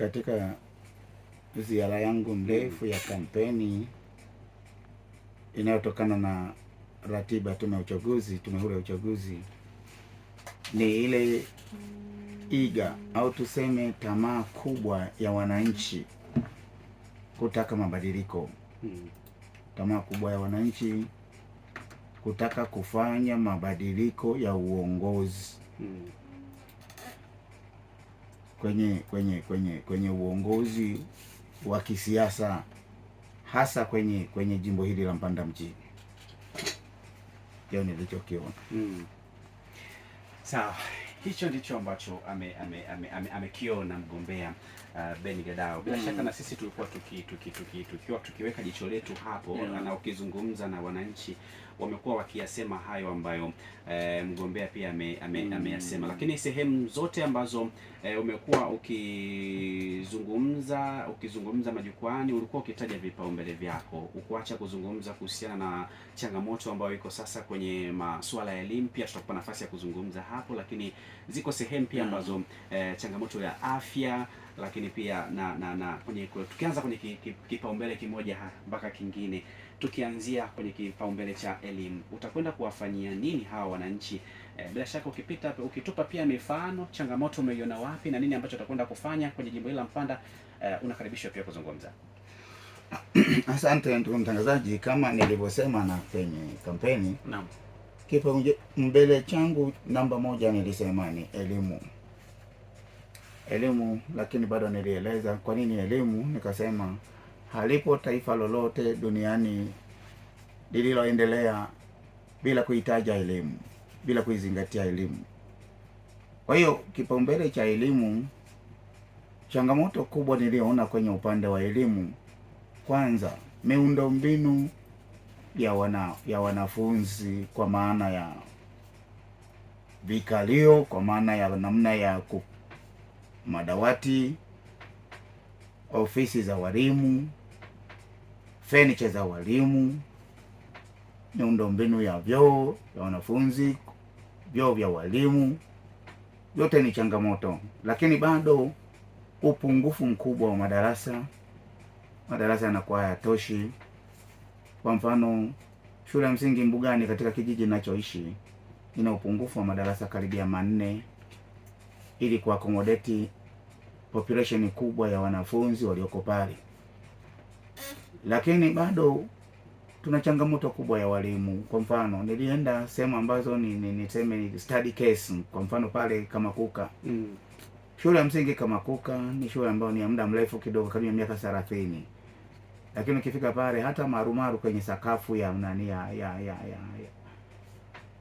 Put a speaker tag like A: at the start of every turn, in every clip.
A: katika ziara yangu ndefu ya kampeni inayotokana na ratiba tume ya uchaguzi, tume huru ya uchaguzi, ni ile iga au tuseme tamaa kubwa ya wananchi kutaka mabadiliko, hmm. tamaa kubwa ya wananchi kutaka kufanya mabadiliko ya uongozi. Hmm kwenye kwenye kwenye kwenye uongozi wa kisiasa hasa kwenye kwenye jimbo hili la Mpanda mjini, ndio nilichokiona. Mm.
B: Sawa, hicho ndicho ambacho amekiona ame, ame, ame, ame mgombea uh, Ben Gedao bila mm. shaka na sisi tulikuwa tuki, tuki, tuki, tukiwa tukiweka jicho letu hapo yeah. na ukizungumza na wananchi wamekuwa wakiyasema hayo ambayo e, mgombea pia ame, ame, mm. ameyasema, lakini sehemu zote ambazo e, umekuwa ukizungumza ukizungumza majukwani ulikuwa ukitaja vipaumbele vyako, ukuacha kuzungumza kuhusiana na changamoto ambayo iko sasa kwenye masuala ya elimu. Pia tutakupa nafasi ya kuzungumza hapo, lakini ziko sehemu pia mm. ambazo mm. e, changamoto ya afya lakini pia na na, na kwenye tukianza kwenye kipaumbele ki, ki, kimoja mpaka kingine, tukianzia kwenye kipaumbele cha elimu, utakwenda kuwafanyia nini hawa wananchi? E, bila shaka ukipita ukitupa pia mifano, changamoto umeiona wapi na nini ambacho utakwenda kufanya kwenye jimbo hili la Mpanda, e, unakaribishwa pia kuzungumza.
A: Asante ndugu mtangazaji, kama nilivyosema na kwenye kampeni, naam, kipaumbele changu namba moja nilisema ni elimu elimu, lakini bado nilieleza kwa nini elimu. Nikasema halipo taifa lolote duniani lililoendelea bila kuitaja elimu, bila kuizingatia elimu. Kwa hiyo kipaumbele cha elimu, changamoto kubwa niliyoona kwenye upande wa elimu, kwanza miundombinu ya wana, ya wanafunzi kwa maana ya vikalio, kwa maana ya namna ya madawati, ofisi za walimu, fenicha za walimu, miundombinu ya vyoo ya wanafunzi, vyoo vya walimu, yote ni changamoto, lakini bado upungufu mkubwa wa madarasa. Madarasa yanakuwa hayatoshi. Kwa mfano, shule ya msingi Mbugani katika kijiji ninachoishi ina upungufu wa madarasa karibia manne ili kuakomodeti population kubwa ya wanafunzi walioko pale, lakini bado tuna changamoto kubwa ya walimu. Kwa mfano nilienda sehemu ambazo ni, ni, niseme study case, kwa mfano pale Kamakuka mm. Shule ya msingi Kamakuka ni shule ambayo ni ya muda mrefu kidogo, kama miaka thelathini, lakini ukifika pale hata marumaru kwenye sakafu ya nani ya, ya, ya, ya, ya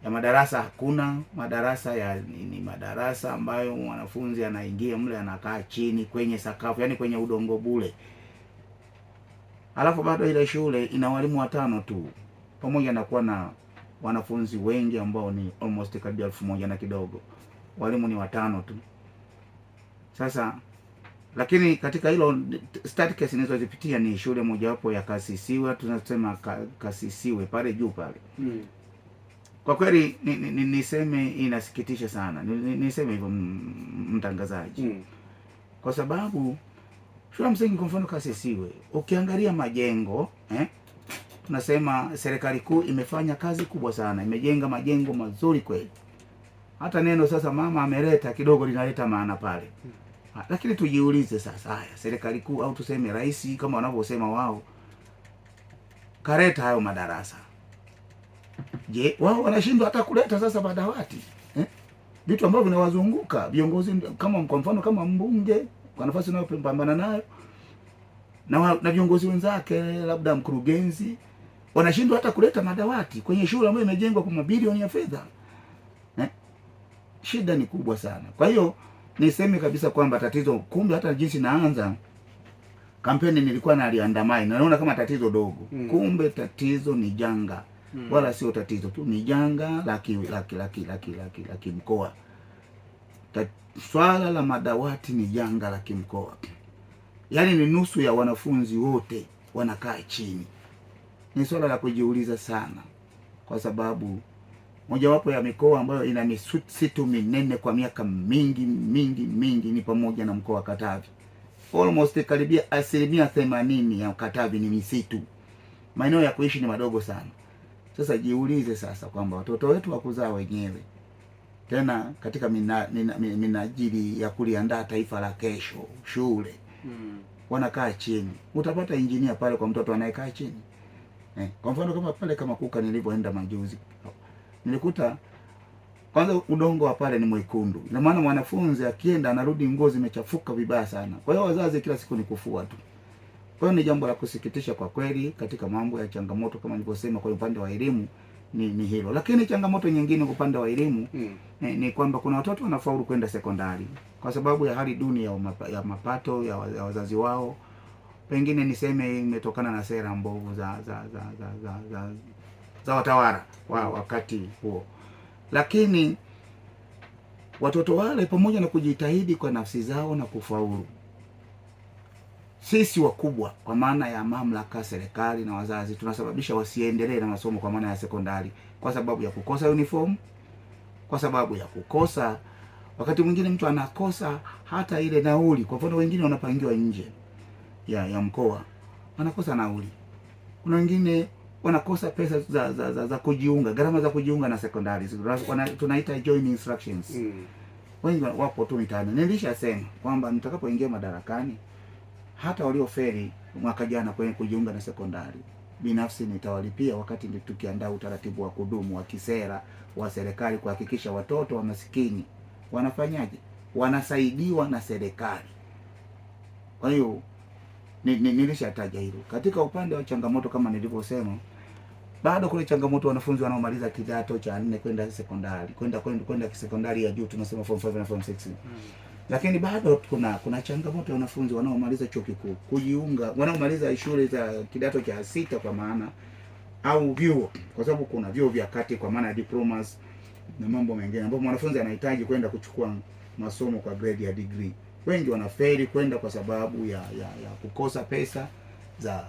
A: ya madarasa hakuna madarasa ya ni madarasa ambayo mwanafunzi anaingia mle anakaa chini kwenye sakafu, yani kwenye udongo bule. Alafu bado ile shule ina walimu watano tu, pamoja na kuwa na wanafunzi wengi ambao ni almost karibia elfu moja na kidogo, walimu ni watano tu. Sasa lakini katika hilo study case nilizozipitia ni shule mojawapo ya Kasisiwe, tunasema Kasisiwe pale juu pale mm. Kwa kweli niseme ni, ni inasikitisha sana niseme ni hivyo mtangazaji mm. Kwa sababu shule msingi kwa mfano Kasisiwe ukiangalia majengo eh, tunasema serikali kuu imefanya kazi kubwa sana, imejenga majengo mazuri kweli. Hata neno sasa mama ameleta kidogo linaleta maana pale ha, mm. Lakini tujiulize sasa, haya serikali kuu au tuseme rais kama wanavyosema wao, kareta hayo madarasa Je, wao wanashindwa hata kuleta sasa madawati eh? vitu ambavyo vinawazunguka viongozi kama kwa mfano kama mbunge kwa nafasi unayopambana nayo na na viongozi wenzake, labda mkurugenzi, wanashindwa hata kuleta madawati kwenye shule ambayo imejengwa kwa mabilioni ya fedha eh? Shida ni kubwa sana. Kwa hiyo niseme kabisa kwamba tatizo kumbe, hata jinsi naanza kampeni nilikuwa naliandamai, naona kama tatizo dogo, hmm. kumbe tatizo ni janga hmm. wala sio tatizo tu, ni janga la la kimkoa. Swala la madawati ni janga la kimkoa, yaani ni nusu ya wanafunzi wote wanakaa chini. Ni swala la kujiuliza sana, kwa sababu mojawapo ya mikoa ambayo ina misitu minene kwa miaka mingi mingi mingi ni pamoja na mkoa wa Katavi. Almost karibia asilimia themanini ya Katavi ni misitu, maeneo ya kuishi ni madogo sana. Sasa jiulize sasa kwamba watoto wetu wakuzaa wenyewe tena katika minajili mina, mina, ya kuliandaa taifa la kesho shule mm. Wanakaa chini, utapata injinia pale kwa mtoto anayekaa chini eh. Kwa mfano kama pale kama kuka nilivyoenda majuzi, nilikuta kwanza udongo wa pale ni mwekundu, ina maana mwanafunzi akienda anarudi nguo zimechafuka vibaya sana. Kwa hiyo wazazi kila siku ni kufua tu. Kwa hiyo ni jambo la kusikitisha kwa kweli, katika mambo ya changamoto kama nilivyosema, kwa upande wa elimu ni, ni hilo. Lakini changamoto nyingine kwa upande wa elimu mm. ni, ni kwamba kuna watoto wanafaulu kwenda sekondari kwa sababu ya hali duni ya, umapa, ya mapato ya, ya wazazi wao, pengine niseme imetokana na sera mbovu za za za, za, za, za, za watawala wa hmm. wakati huo, lakini watoto wale pamoja na kujitahidi kwa nafsi zao na kufaulu sisi wakubwa kwa maana ya mamlaka, serikali na wazazi, tunasababisha wasiendelee na masomo kwa maana ya sekondari, kwa sababu ya kukosa uniform, kwa sababu ya kukosa, wakati mwingine mtu anakosa hata ile nauli. Kwa mfano, wengine wanapangiwa nje ya ya mkoa, anakosa nauli. Kuna wengine wanakosa pesa za, za, za, za kujiunga, gharama za kujiunga na sekondari, tunaita join instructions mm. Wengi wapo tu mitaani. Nilishasema kwamba nitakapoingia madarakani hata waliofeli mwaka jana kwenye kujiunga na sekondari binafsi nitawalipia wakati tukiandaa utaratibu wa kudumu wa kisera wa serikali kuhakikisha watoto wa masikini wanafanyaje, wanasaidiwa na serikali. Kwa hiyo nilishataja hilo. Katika upande wa changamoto, kama nilivyosema, bado kule changamoto, wanafunzi wanaomaliza kidato cha nne kwenda sekondari kwenda kwenda kwenda sekondari ya juu, tunasema form 5 na form 6 mm lakini bado kuna kuna changamoto ya wanafunzi wanaomaliza chuo kikuu kujiunga, wanaomaliza shule za kidato cha sita kwa maana au vyuo, kwa sababu kuna vyuo vya kati kwa maana ya diplomas na mambo mengine, ambapo mwanafunzi anahitaji kwenda kuchukua masomo kwa grade ya degree. Wengi wanafeli kwenda kwa sababu ya, ya, ya kukosa pesa za,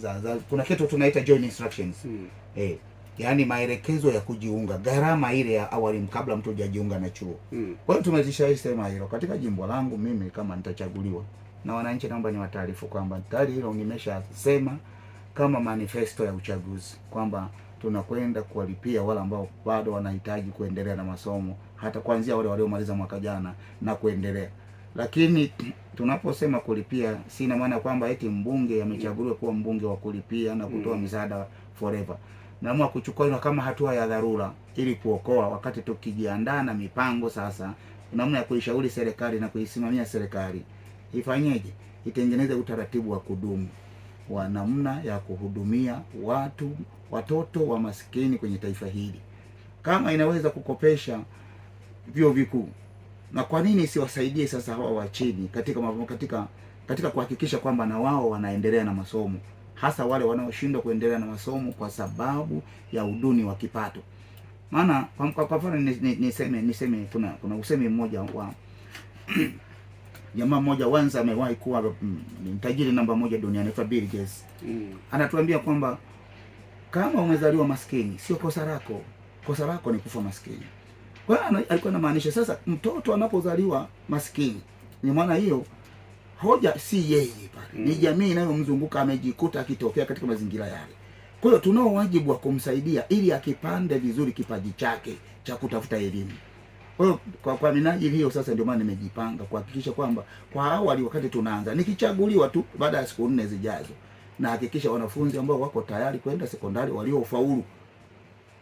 A: za, za kuna kitu tunaita joint instructions hmm. Hey. Eh, yaani maelekezo ya kujiunga, gharama ile ya awali kabla mtu hajajiunga na chuo. Mm. Kwa hiyo tumelishawahi sema hilo katika jimbo langu mimi, kama nitachaguliwa, na wananchi, naomba niwataarifu kwamba tayari hilo nimeshasema kama manifesto ya uchaguzi kwamba tunakwenda kuwalipia wale ambao bado wanahitaji kuendelea na masomo, hata kuanzia wale waliomaliza mwaka jana na kuendelea. Lakini tunaposema kulipia, sina maana kwamba eti mbunge amechaguliwa kuwa mbunge wa kulipia na kutoa mm. misaada forever naamua kuchukua hilo kama hatua ya dharura ili kuokoa, wakati tukijiandaa na mipango sasa, namna ya kuishauri serikali na kuisimamia serikali ifanyeje, itengeneze utaratibu wa kudumu wa namna ya kuhudumia watu watoto wa maskini kwenye taifa hili. Kama inaweza kukopesha vyuo vikuu, na kwa nini isiwasaidie sasa hawa wa chini katika katika katika kuhakikisha kwamba na wao wanaendelea na masomo? hasa wale wanaoshindwa kuendelea na masomo kwa sababu ya uduni wa kipato. Maana kwa mfano niseme niseme kuna kuna usemi mmoja wa jamaa mmoja Wanza amewahi kuwa mm, tajiri namba moja duniani kwa Bill Gates. Mm. Anatuambia kwamba kama umezaliwa maskini sio kosa lako, kosa lako ni kufa maskini. Kwa hiyo alikuwa anamaanisha sasa mtoto anapozaliwa maskini ni maana hiyo hoja si yeye pale mm. ni jamii inayomzunguka amejikuta akitokea katika mazingira yale. Kwa hiyo tunao wajibu wa kumsaidia ili akipande vizuri kipaji chake cha kutafuta elimu. Kwa hiyo kwa, kwa minajili hiyo sasa ndio maana nimejipanga kuhakikisha kwamba kwa awali wakati tunaanza nikichaguliwa tu baada ya siku nne zijazo na hakikisha wanafunzi ambao wako tayari kwenda sekondari waliofaulu,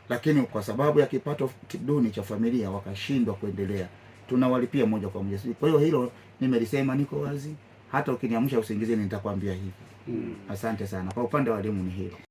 A: lakini kwa sababu ya kipato duni cha familia wakashindwa kuendelea tunawalipia moja kwa moja. Kwa hiyo hilo nimelisema, niko wazi, hata ukiniamsha usingizini nitakwambia hivi. Mm. Asante sana. Kwa upande wa elimu ni hilo.